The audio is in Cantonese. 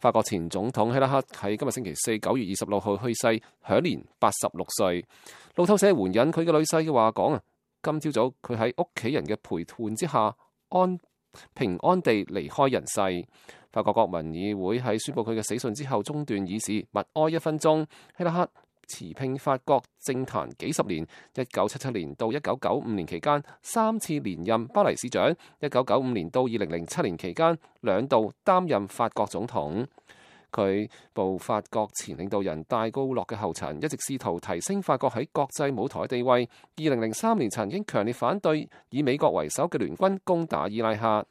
法國前總統希拉克喺今日星期四九月二十六號去世，享年八十六歲。路透社援引佢嘅女婿嘅話講啊，今朝早佢喺屋企人嘅陪伴之下安平安地離開人世。法國國民議會喺宣布佢嘅死訊之後，中斷議事，默哀一分鐘。希拉克馳騁法國政壇幾十年，一九七七年到一九九五年期間三次連任巴黎市長，一九九五年到二零零七年期間兩度擔任法國總統。佢步法國前領導人戴高樂嘅後塵，一直試圖提升法國喺國際舞台地位。二零零三年曾經強烈反對以美國為首嘅聯軍攻打伊拉克。